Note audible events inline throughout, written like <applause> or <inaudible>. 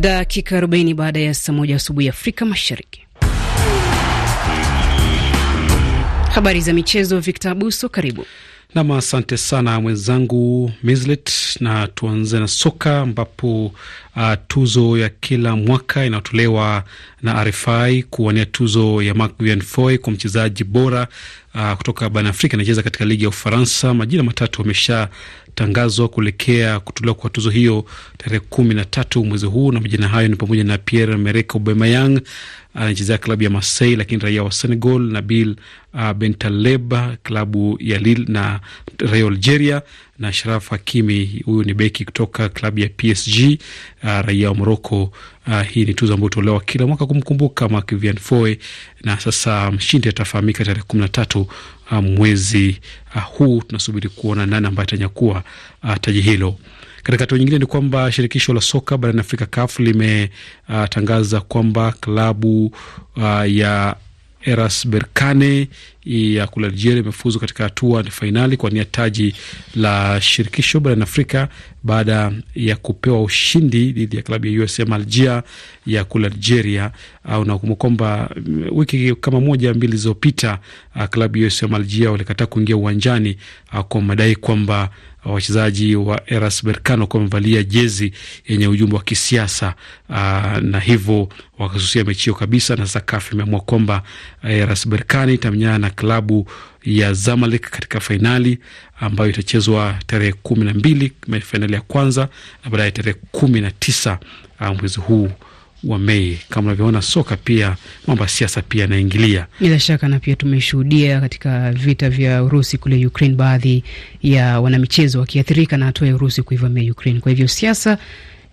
dakika 40 baada ya saa moja asubuhi Afrika Mashariki. Habari za michezo, Victor Abuso, karibu nam. Asante sana mwenzangu Mislet, na tuanze na soka ambapo uh, tuzo ya kila mwaka inayotolewa na RFI kuwania tuzo ya Marc kwa mchezaji bora uh, kutoka barani Afrika anacheza katika ligi ya Ufaransa. Majina matatu ameshatangazwa kuelekea kutolewa kwa tuzo hiyo tarehe kumi na tatu mwezi huu, na majina hayo ni pamoja na Pierre Emerick Aubameyang anachezea klabu ya Marseille, lakini raia wa Senegal, Nabil uh, Bentaleb klabu ya Lille na raia wa Algeria na Sharaf Hakimi, huyu ni beki kutoka klabu ya PSG, uh, ah, raia wa Moroko. Uh, ah, hii ni tuzo ambayo hutolewa kila mwaka kumkumbuka Marc Vivian Foe, na sasa mshindi atafahamika tarehe kumi na tatu uh, mwezi uh, huu. Tunasubiri kuona nani ambaye atanyakua uh, taji hilo. Katika hatua nyingine ni kwamba shirikisho la soka barani Afrika CAF limetangaza uh, kwamba klabu uh, ya Eras Berkane ya kule Algeria imefuzu katika hatua ya fainali kwa nia taji la shirikisho barani Afrika baada ya kupewa ushindi dhidi ya klabu ya USM Alger ya kule Algeria. Uh, unakumbuka kwamba mm, wiki kama moja mbili zilizopita, uh, klabu ya USM Alger walikataa kuingia uwanjani uh, kwa madai kwamba wachezaji wa Eras Berkane wakuwa wamevalia jezi yenye ujumbe wa kisiasa uh, na hivyo wakasusia mechi hiyo kabisa, na sasa CAF imeamua kwamba ah, Eras Berkane itamenyana na klabu ya Zamalek katika fainali ambayo itachezwa tarehe kumi na mbili fainali ya kwanza na baadaye tarehe kumi na tisa ah, mwezi huu wa Mei. Kama unavyoona soka pia, mambo ya siasa pia yanaingilia bila shaka, na pia tumeshuhudia katika vita vya Urusi kule Ukraine, baadhi ya wanamichezo wakiathirika na hatua ya Urusi kuivamia Ukraine. Kwa hivyo siasa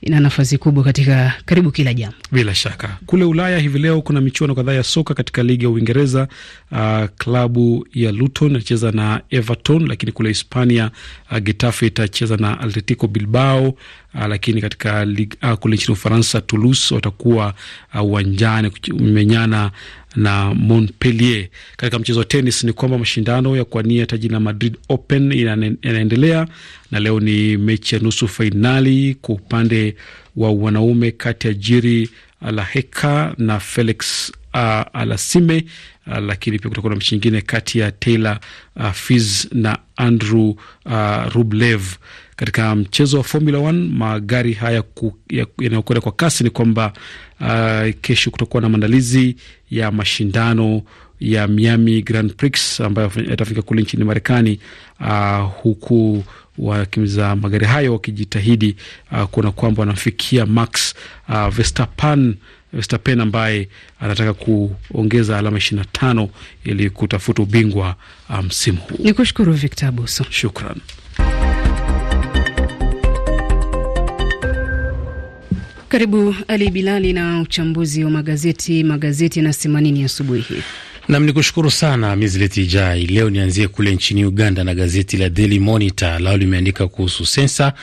ina nafasi kubwa katika karibu kila jambo. Bila shaka kule Ulaya hivi leo kuna michuano kadhaa ya soka katika ligi ya Uingereza. Uh, klabu ya Luton inacheza na Everton, lakini kule Hispania uh, Getafe itacheza na Atletico Bilbao uh, lakini katika lig, uh, kule nchini Ufaransa, Toulouse watakuwa ah, uwanjani uh, kumenyana na Montpellier. Katika mchezo wa tenis ni kwamba mashindano ya kuania taji la Madrid Open yanaendelea na leo ni mechi ya nusu fainali kwa upande wa wanaume kati ya Jiri Laheka na Felix uh, Alasime uh, lakini pia kutakuwa na mechi nyingine kati ya Taylor uh, Fritz na Andrew uh, Rublev. Katika mchezo wa Formula 1 magari haya yanayokwenda kwa kasi ni kwamba uh, kesho kutakuwa na maandalizi ya mashindano ya Miami Grand Prix ambayo yatafanyika kule nchini Marekani, uh, huku wakimza magari hayo wakijitahidi uh, kuona kwamba wanafikia Max uh, Verstappen Verstappen ambaye anataka kuongeza alama 25 ili kutafuta ubingwa um, msimu um, huu. Victor Abuso, shukran. Karibu Ali Bilali na uchambuzi wa magazeti. Magazeti na nini asubuhi hii? Nam ni kushukuru sana Mizleti Jai. Leo nianzie kule nchini Uganda na gazeti la Daily Monitor lao limeandika kuhusu sensa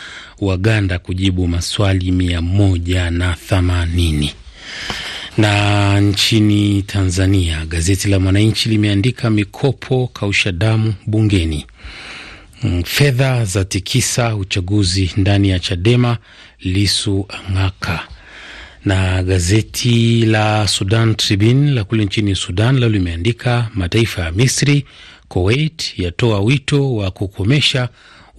Waganda kujibu maswali mia moja na themanini. Na nchini Tanzania, gazeti la Mwananchi limeandika mikopo kausha damu bungeni, mm, fedha za tikisa uchaguzi ndani ya Chadema, Lisu ang'aka na gazeti la Sudan Tribune la kule nchini Sudan lao limeandika mataifa ya Misri, Kuwait yatoa wito wa kukomesha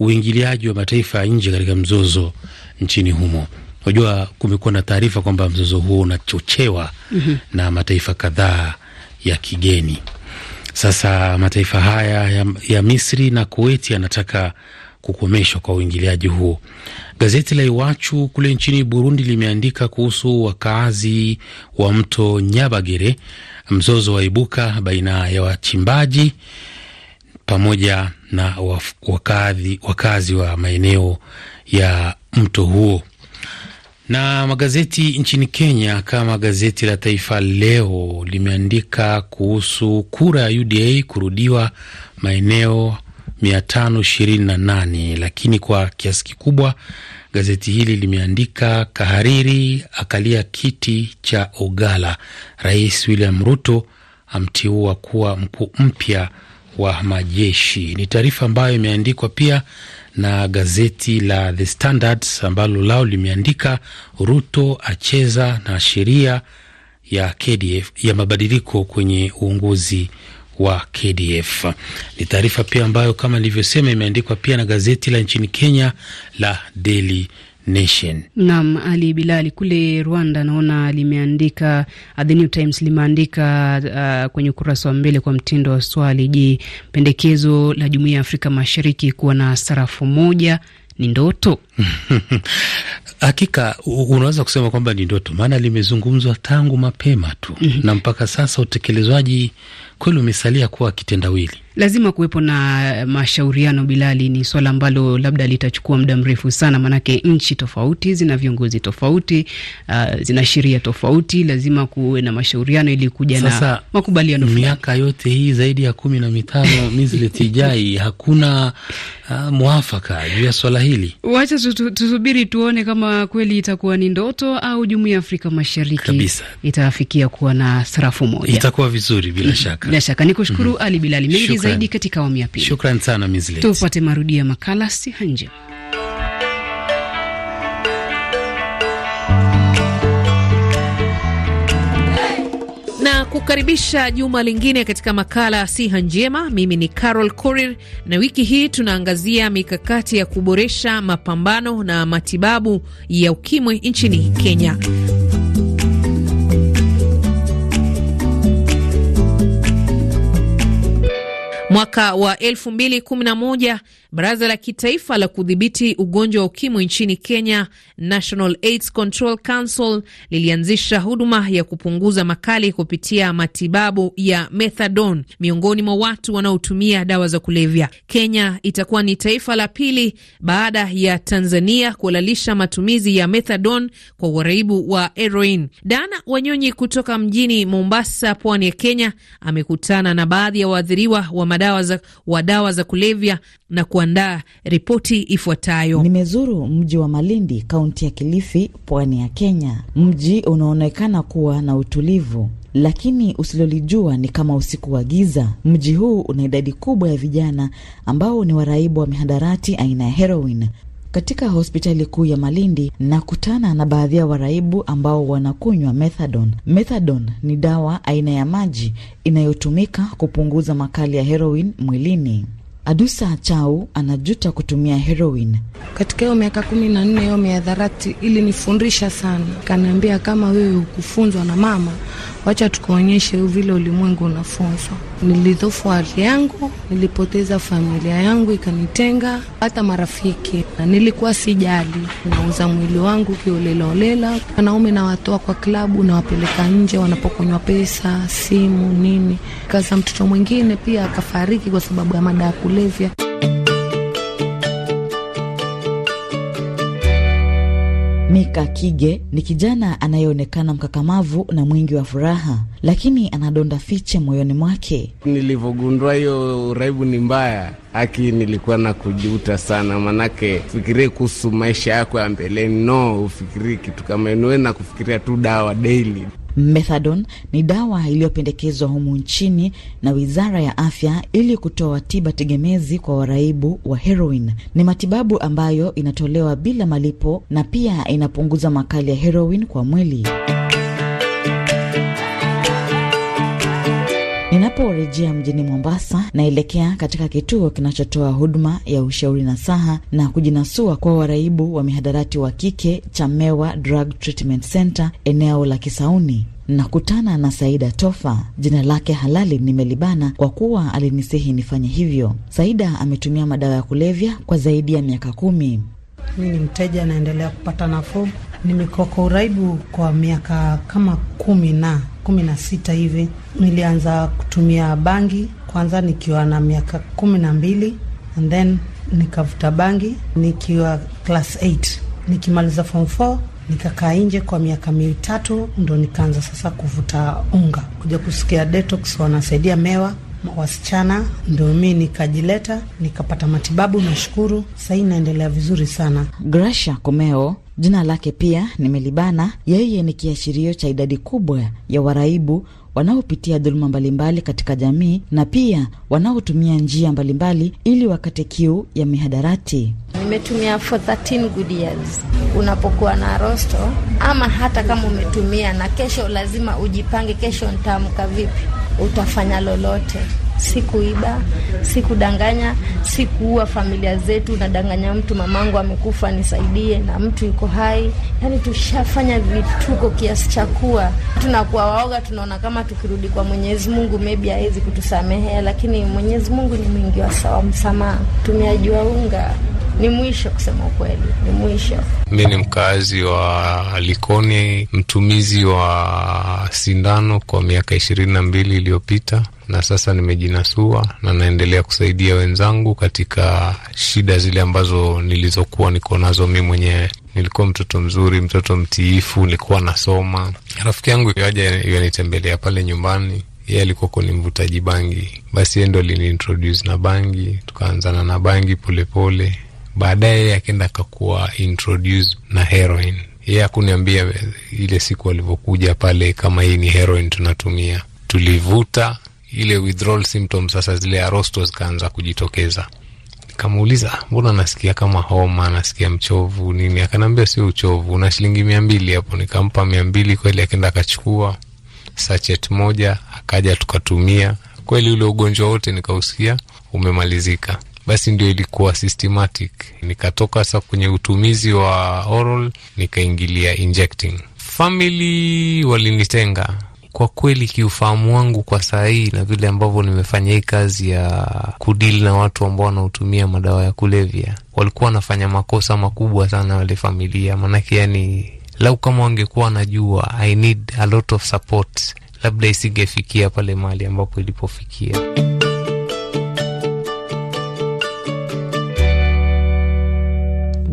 uingiliaji wa mataifa ya nje katika mzozo nchini humo. Unajua, kumekuwa na taarifa kwamba mzozo huo unachochewa mm -hmm. na mataifa kadhaa ya kigeni. Sasa mataifa haya ya, ya Misri na Kuwait yanataka kukomeshwa kwa uingiliaji huo. Gazeti la Iwachu kule nchini Burundi limeandika kuhusu wakaazi wa mto Nyabagere, mzozo wa ibuka baina ya wachimbaji pamoja na wakazi wa maeneo ya mto huo. Na magazeti nchini Kenya kama gazeti la Taifa Leo limeandika kuhusu kura ya UDA kurudiwa maeneo 528 lakini kwa kiasi kikubwa gazeti hili limeandika kahariri akalia kiti cha Ogala, Rais William Ruto amteua kuwa mkuu mpya wa majeshi. Ni taarifa ambayo imeandikwa pia na gazeti la The Standard ambalo lao limeandika Ruto acheza na sheria ya KDF ya mabadiliko kwenye uongozi wa KDF. Ni taarifa pia ambayo kama nilivyosema imeandikwa pia na gazeti la nchini Kenya la Daily Nation. Naam, Ali Bilali kule Rwanda naona limeandika uh, The New Times limeandika uh, kwenye ukurasa wa mbele kwa mtindo wa swali, je, pendekezo la Jumuiya ya Afrika Mashariki kuwa na sarafu moja ni ndoto? <laughs> Hakika unaweza kusema kwamba ni ndoto, maana limezungumzwa tangu mapema tu mm -hmm. na mpaka sasa utekelezwaji kweli umesalia kuwa kitendawili. Lazima kuwepo na mashauriano, Bilali. Ni swala ambalo labda litachukua muda mrefu sana, maanake nchi tofauti zina viongozi tofauti, uh, zina sheria tofauti. Lazima kuwe na mashauriano ili kuja na makubaliano. Miaka yote hii zaidi ya kumi na mitano <laughs> mizletijai hakuna uh, mwafaka juu ya swala hili. Wacha tusubiri tuone kama kweli itakuwa ni ndoto au jumuiya ya Afrika Mashariki kabisa itafikia kuwa na sarafu moja, itakuwa vizuri bila shaka. Bila shaka ni kushukuru mm -hmm. Ali Bilali mengi Shukran. zaidi katika awamu ya pili. Shukran sana Mizlet. Tupate marudio ya makala siha njema. na kukaribisha juma lingine katika makala siha njema. Mimi ni Carol Korir, na wiki hii tunaangazia mikakati ya kuboresha mapambano na matibabu ya ukimwi nchini Kenya. Mwaka wa 2011 baraza la kitaifa la kudhibiti ugonjwa wa ukimwi nchini Kenya, National AIDS Control Council, lilianzisha huduma ya kupunguza makali kupitia matibabu ya methadone miongoni mwa watu wanaotumia dawa za kulevya. Kenya itakuwa ni taifa la pili baada ya Tanzania kuhalalisha matumizi ya methadone kwa uraibu wa heroin. Dana Wanyonyi kutoka mjini Mombasa, pwani ya Kenya, amekutana na baadhi ya waathiriwa wa dawa za, wa dawa za kulevya na kuandaa ripoti ifuatayo. Nimezuru mji wa Malindi, kaunti ya Kilifi, pwani ya Kenya, mji unaonekana kuwa na utulivu lakini usilolijua ni kama usiku wa giza. Mji huu una idadi kubwa ya vijana ambao ni waraibu wa mihadarati aina ya heroin, katika hospitali kuu ya Malindi na kutana na baadhi ya waraibu ambao wanakunywa methadone. Methadone ni dawa aina ya maji inayotumika kupunguza makali ya heroin mwilini. Adusa Achau anajuta kutumia heroin. Katika hiyo miaka kumi na nne hiyo miadharati ilinifundisha sana, kaniambia kama wewe hukufunzwa na mama, wacha tukuonyeshe vile ulimwengu unafunzwa. Nilidhofu hali yangu, nilipoteza familia yangu, ikanitenga hata marafiki, na nilikuwa sijali, nauza mwili wangu kiolelaolela. Wanaume nawatoa kwa klabu, nawapeleka nje wanapokonywa pesa, simu, nini. Kaza mtoto mwingine pia akafariki kwa sababu ya madaku kulevya. Mika Kige ni kijana anayeonekana mkakamavu na mwingi wa furaha, lakini anadonda fiche moyoni mwake. Nilivyogundua hiyo uraibu ni mbaya haki, nilikuwa na kujuta sana, manake fikirie kuhusu maisha yako ya mbeleni. No, ufikirie kitu kama inuwe na kufikiria tu dawa daily Methadone ni dawa iliyopendekezwa humu nchini na Wizara ya Afya ili kutoa tiba tegemezi kwa waraibu wa heroin. Ni matibabu ambayo inatolewa bila malipo na pia inapunguza makali ya heroin kwa mwili. Ninaporejea mjini Mombasa, naelekea katika kituo kinachotoa huduma ya ushauri na saha na kujinasua kwa waraibu wa mihadarati wa kike cha Mewa Drug Treatment Center eneo la Kisauni. Nakutana na Saida Tofa, jina lake halali nimelibana kwa kuwa alinisihi nifanye hivyo. Saida ametumia madawa ya kulevya kwa zaidi ya miaka kumi. Mi ni mteja anaendelea kupata nafuu. Nimekoko uraibu kwa miaka kama kumi na kumi na sita hivi. Nilianza kutumia bangi kwanza nikiwa na miaka kumi na mbili and then nikavuta bangi nikiwa class 8 nikimaliza form 4 nikakaa nje kwa miaka mitatu, ndo nikaanza sasa kuvuta unga, kuja kusikia detox wanasaidia mewa wasichana ndio mi nikajileta nikapata matibabu. Nashukuru sahii inaendelea vizuri sana. Grasha Komeo jina lake pia nimelibana, yeye ni kiashirio cha idadi kubwa ya waraibu wanaopitia dhuluma mbalimbali katika jamii na pia wanaotumia njia mbalimbali ili wakate kiu ya mihadarati. Nimetumia for 13 good years. Unapokuwa na rosto ama hata kama umetumia na kesho, lazima ujipange, kesho ntaamka vipi, utafanya lolote sikuiba, sikudanganya, sikuua familia zetu. Nadanganya mtu mamangu amekufa nisaidie, na mtu yuko hai. Yani tushafanya vituko kiasi cha kuwa tunakuwa waoga, tunaona kama tukirudi kwa Mwenyezi Mungu maybe hawezi kutusamehea, lakini Mwenyezi Mungu ni mwingi wa sawa msamaha. unga ni mwisho, kusema ukweli, ni mwisho. Mi ni mkaazi wa Likoni, mtumizi wa sindano kwa miaka ishirini na mbili iliyopita na sasa nimejinasua na naendelea kusaidia wenzangu katika shida zile ambazo nilizokuwa niko nazo mi mwenyewe. Nilikuwa mtoto mzuri, mtoto mtiifu, nilikuwa nasoma. Rafiki yangu yaja yanitembelea pale nyumbani, yeye alikuwa ni mvutaji bangi, basi yeye ndo aliniintroduce na bangi, tukaanzana na bangi polepole pole baadaye akenda akakuwa introduce na heroin. Yeye akuniambia ile siku alivyokuja pale kama hii ni heroin tunatumia, tulivuta ile withdrawal symptoms, sasa zile arosto zikaanza kujitokeza. Kamuuliza, mbona nasikia kama homa, nasikia mchovu nini? Akaniambia sio uchovu, una shilingi mia mbili hapo. Nikampa mia mbili kweli, akenda akachukua sachet moja, akaja tukatumia kweli, ule ugonjwa wote nikausikia umemalizika basi ndio ilikuwa systematic. Nikatoka sasa kwenye utumizi wa oral nikaingilia injecting. Family walinitenga kwa kweli, kiufahamu wangu kwa saa hii na vile ambavyo nimefanya hii kazi ya kudili na watu ambao wanaotumia madawa ya kulevya, walikuwa wanafanya makosa makubwa sana wale familia, maanake yani lau kama wangekuwa wanajua I need a lot of support, labda isingefikia pale mahali ambapo ilipofikia.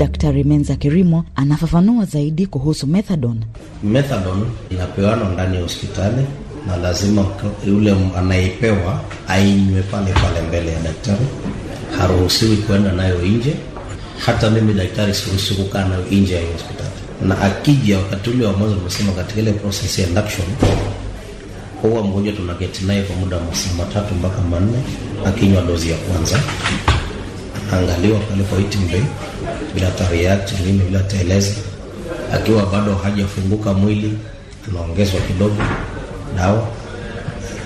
Daktari Menza Kirimo anafafanua zaidi kuhusu methadone. Methadone inapewanwa ndani ya hospitali na lazima yule anayepewa ainywe pale pale mbele ya daktari, haruhusiwi kuenda nayo nje. Hata mimi daktari siruhusi kukaa nayo nje ya hospitali, na akija wakati ule wa mwanzo, umesema katika ile process ya induction huwa mgonjwa tunaketi naye kwa muda wa masaa matatu mpaka manne, akinywa dozi ya kwanza, anaangaliwa pale kwa itimbe bila tariati, ingine bila teleza, akiwa bado hajafunguka mwili anaongezwa kidogo dawa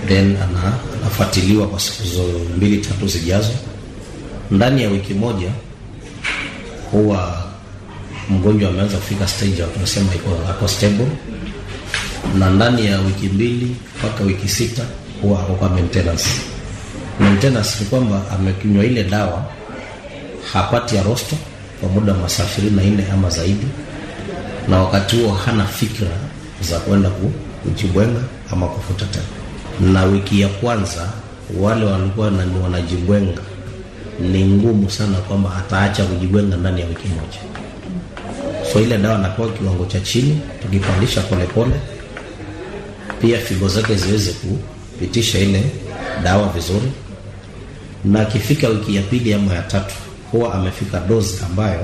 then ana, anafuatiliwa kwa siku mbili tatu zijazo. Ndani ya wiki moja huwa mgonjwa ameanza kufika stage ya tunasema iko stable, na ndani ya wiki mbili mpaka wiki sita huwa ako kwa maintenance. Maintenance ni kwamba amekunywa ile dawa hapati arosto kwa muda wa masaa ishirini na nne ama zaidi, na wakati huo hana fikra za kwenda kujibwenga ama kufuta tena. Na wiki ya kwanza wale walikuwa wanajibwenga, ni ngumu sana kwamba ataacha kujibwenga ndani ya wiki moja. So ile dawa anapewa kiwango cha chini, tukipandisha polepole pole, pia figo zake ziweze kupitisha ile dawa vizuri, na akifika wiki ya pili ama ya tatu huwa amefika dozi ambayo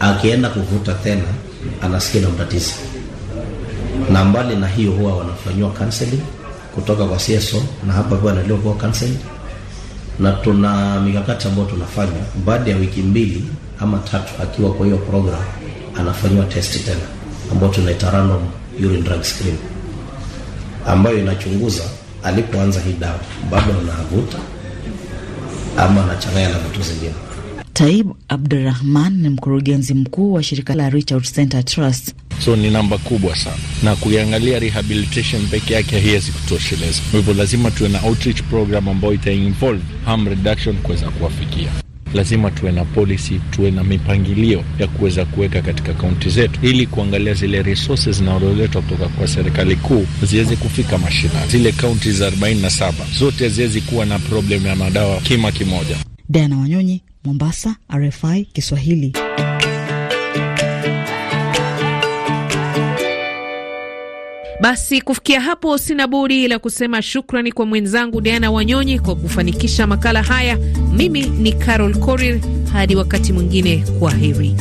akienda kuvuta tena anasikia na mtatizo, na mbali na hiyo huwa wanafanyiwa counseling kutoka kwa CSO na hapa pia wanaliwa kwa counseling, na tuna mikakati ambayo tunafanya baada ya wiki mbili ama tatu, akiwa kwa hiyo program anafanyiwa test tena ambayo tunaita random urine drug screen ambayo inachunguza alipoanza hii dawa bado anavuta ama anachanganya na vitu zingine. Taib Abdurahman ni mkurugenzi mkuu wa shirika la Richard Center Trust. So ni namba kubwa sana, na kuiangalia rehabilitation peke yake haiwezi kutosheleza. Kwa hivyo lazima tuwe na outreach program ambayo itainvolve harm reduction kuweza kuwafikia lazima tuwe na policy, tuwe na mipangilio ya kuweza kuweka katika kaunti zetu, ili kuangalia zile resources zinazoletwa kutoka kwa serikali kuu ziweze kufika mashinani. Zile kaunti za 47 zote ziwezi kuwa na problem ya madawa kima kimoja. Diana Wanyonyi, Mombasa, RFI Kiswahili. Basi kufikia hapo, sina budi la kusema shukrani kwa mwenzangu Diana Wanyonyi kwa kufanikisha makala haya. Mimi ni Carol Korir, hadi wakati mwingine, kwa heri.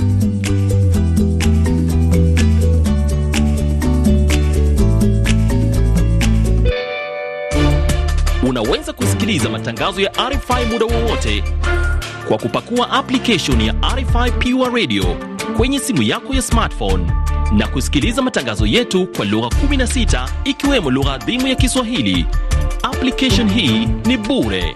Unaweza kusikiliza matangazo ya RFI muda wowote kwa kupakua application ya RFI Pure Radio kwenye simu yako ya smartphone na kusikiliza matangazo yetu kwa lugha 16 ikiwemo lugha adhimu ya Kiswahili. Application hii ni bure.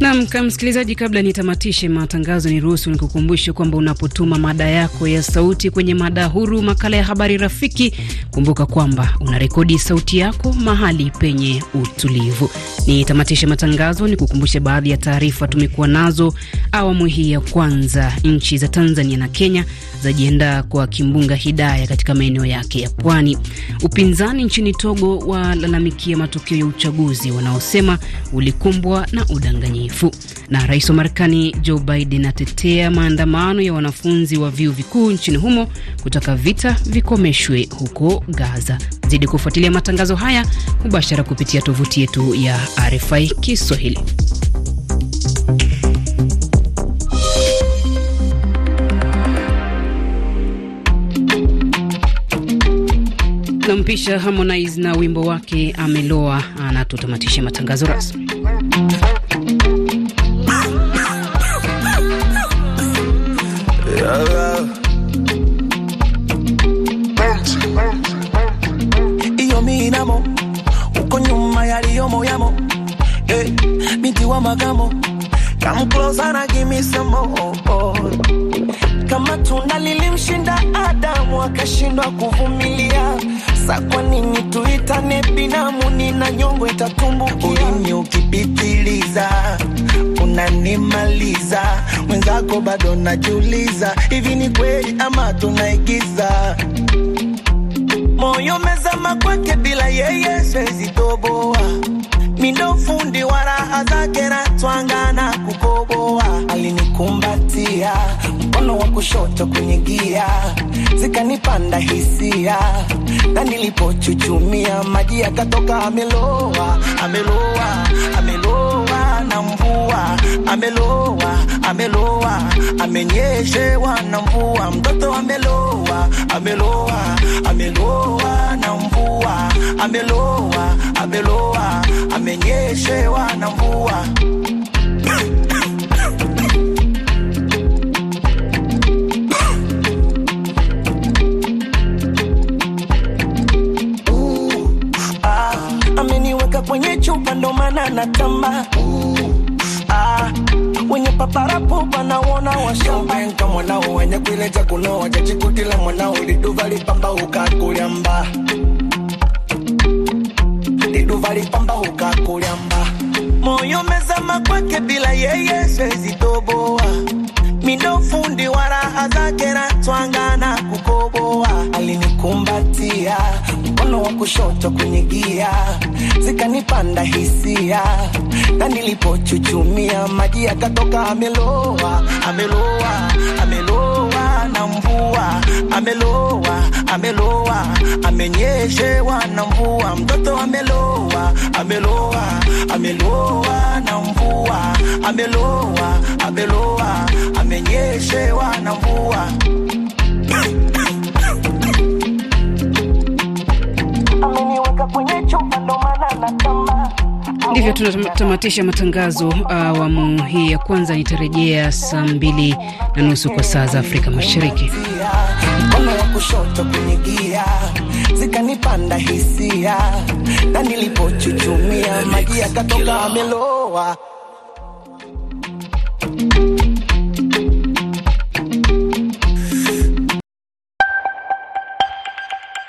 Nam ka msikilizaji, kabla nitamatishe matangazo, niruhusu nikukumbushe kwamba unapotuma mada yako ya sauti kwenye mada huru makala ya habari rafiki, kumbuka kwamba unarekodi sauti yako mahali penye utulivu. Nitamatishe matangazo ni kukumbushe baadhi ya taarifa tumekuwa nazo awamu hii ya kwanza. Nchi za Tanzania na Kenya zajiandaa kwa kimbunga Hidaya katika maeneo yake ya pwani. Upinzani nchini Togo walalamikia matokeo ya uchaguzi wanaosema ulikumbwa na udanganyifu ubunifu. Na rais wa Marekani Joe Biden atetea maandamano ya wanafunzi wa vyuo vikuu nchini humo kutaka vita vikomeshwe huko Gaza. Zidi kufuatilia matangazo haya mubashara kupitia tovuti yetu ya RFI Kiswahili. Nampisha Harmonize na wimbo wake Ameloa, anatutamatisha matangazo rasmi. Sasa kwa nini tuitane binamu? Nina nyongo itatumbukia. Ulimi ukipitiliza unanimaliza, mwenzako bado najiuliza, hivi ni kweli ama tunaigiza? moyo mezama kwake, bila yeye siwezi toboa. Mindo fundi wa raha zake, natwanga na kukoboa. Alinikumbatia mkono wa kushoto kwenye gia, zikanipanda hisia, na nilipochuchumia maji yakatoka. Ameloa, ameloa, ameloa na mvua, ameloa ameloa, amenyeshewa na mvua. Mtoto ameloa, ameloa, ameloa na mvua, ameloa, ameloa, amenyeshewa na mvua ah, ameniweka kwenye chupa ndo maana natamba uh wenye paparapo banawona washobenka mwanao wenye kuileja kunoa chachikutila mwanao liduva lipamba ukakulyamba liduva lipamba ukakulyamba moyo mezama kwake bila yeye siwezi toboa mindo fundi wa raha zake na twanga na kukoboa alinikumbatia mkono wa kushoto kunigia, zikanipanda hisia, na nilipochuchumia maji yakatoka. Ameloa, ameloa, ameloa na mvua, ameloa, ameloa, amenyeshewa na mvua, mtoto ameloa, ameloa, ameloa na mvua, ameloa, ameloa, amenyeshewa na mvua Ndivyo tunatamatisha matangazo uh, awamu hii ya kwanza. Nitarejea saa mbili na nusu kwa saa za Afrika Mashariki. Mkono wa kushoto kwenye gia zikanipanda hisia, na nilipochuchumia maji yakatoka amelowa.